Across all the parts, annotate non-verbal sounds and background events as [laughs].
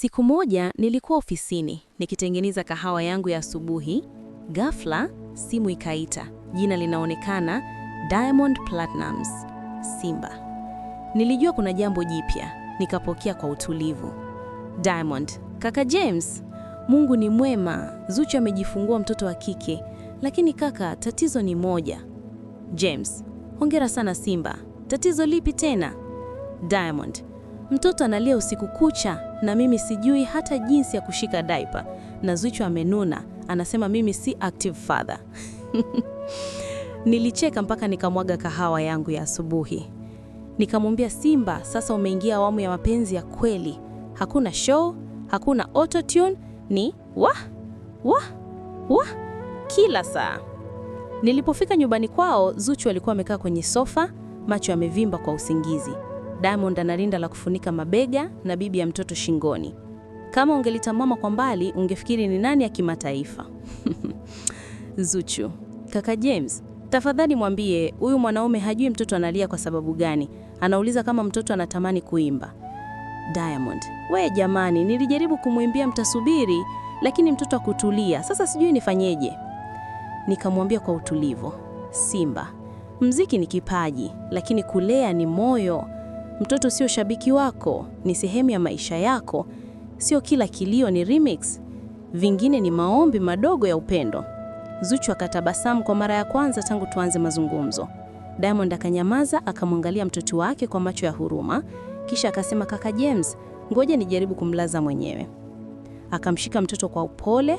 Siku moja nilikuwa ofisini nikitengeneza kahawa yangu ya asubuhi, ghafla simu ikaita. Jina linaonekana Diamond Platnumz, Simba. Nilijua kuna jambo jipya, nikapokea kwa utulivu. Diamond: kaka James, Mungu ni mwema, Zuchu amejifungua mtoto wa kike, lakini kaka, tatizo ni moja. James: hongera sana Simba. Tatizo lipi tena? Diamond: Mtoto analia usiku kucha na mimi sijui hata jinsi ya kushika diaper, na Zuchu amenuna, anasema mimi si active father. [laughs] Nilicheka mpaka nikamwaga kahawa yangu ya asubuhi. Nikamwambia Simba, sasa umeingia awamu ya mapenzi ya kweli. Hakuna show, hakuna auto tune, ni wa wa wa kila saa. Nilipofika nyumbani kwao, Zuchu alikuwa amekaa kwenye sofa, macho yamevimba kwa usingizi. Diamond ana rinda la kufunika mabega na bibi ya mtoto shingoni. Kama ungelitamama kwa mbali, ungefikiri ni nani ya kimataifa. [laughs] Zuchu, kaka James, tafadhali mwambie huyu mwanaume hajui mtoto analia kwa sababu gani. Anauliza kama mtoto anatamani kuimba. Diamond, we jamani, nilijaribu kumwimbia mtasubiri, lakini mtoto akutulia. Sasa sijui nifanyeje. Nikamwambia kwa utulivu, Simba, mziki ni kipaji, lakini kulea ni moyo. Mtoto sio shabiki wako, ni sehemu ya maisha yako. Sio kila kilio ni remix, vingine ni maombi madogo ya upendo. Zuchu akatabasamu kwa mara ya kwanza tangu tuanze mazungumzo. Diamond akanyamaza, akamwangalia mtoto wake kwa macho ya huruma, kisha akasema, kaka James, ngoja nijaribu kumlaza mwenyewe. Akamshika mtoto kwa upole,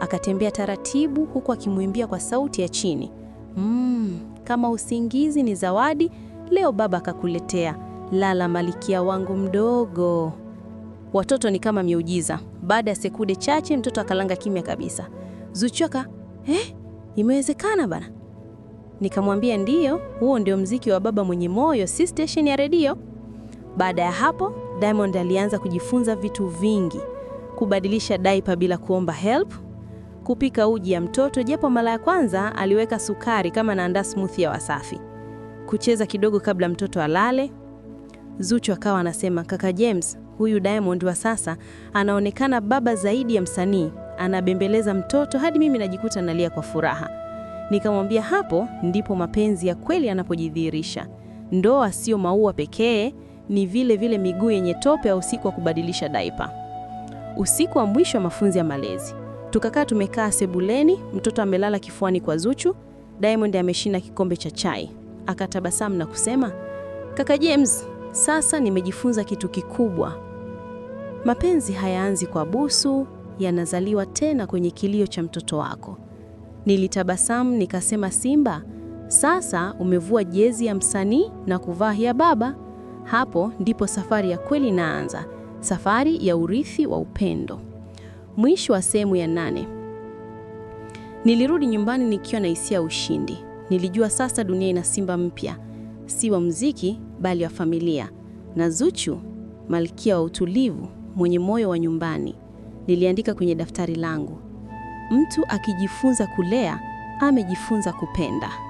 akatembea taratibu, huku akimwimbia kwa sauti ya chini, mm, kama usingizi ni zawadi, leo baba akakuletea lala malikia wangu mdogo. Watoto ni kama miujiza. Baada ya sekunde chache, mtoto akalanga kimya kabisa. Zuchwaka, eh, imewezekana bana. Nikamwambia ndiyo, huo ndio mziki wa baba mwenye moyo, si station ya redio. Baada ya hapo, Diamond alianza kujifunza vitu vingi: kubadilisha diaper bila kuomba help, kupika uji ya mtoto, japo mara ya kwanza aliweka sukari kama naandaa smoothie ya Wasafi, kucheza kidogo kabla mtoto alale, Zuchu akawa anasema, kaka James, huyu Diamond wa sasa anaonekana baba zaidi ya msanii, anabembeleza mtoto hadi mimi najikuta nalia kwa furaha. Nikamwambia hapo ndipo mapenzi ya kweli yanapojidhihirisha. Ndoa sio maua pekee, ni vile vile miguu yenye tope au usiku wa kubadilisha daipa. Usiku wa mwisho wa mafunzi ya malezi, tukakaa tumekaa sebuleni, mtoto amelala kifuani kwa Zuchu. Diamond ameshina kikombe cha chai, akatabasamu na kusema, kaka James, sasa nimejifunza kitu kikubwa. Mapenzi hayaanzi kwa busu, yanazaliwa tena kwenye kilio cha mtoto wako. Nilitabasamu nikasema, Simba, sasa umevua jezi ya msanii na kuvaa ya baba. Hapo ndipo safari ya kweli inaanza, safari ya urithi wa upendo. Mwisho wa sehemu ya nane. Nilirudi nyumbani nikiwa na hisia ya ushindi. Nilijua sasa dunia ina simba mpya si wa muziki bali wa familia, na Zuchu, malkia wa utulivu mwenye moyo wa nyumbani, niliandika kwenye daftari langu: mtu akijifunza kulea amejifunza kupenda.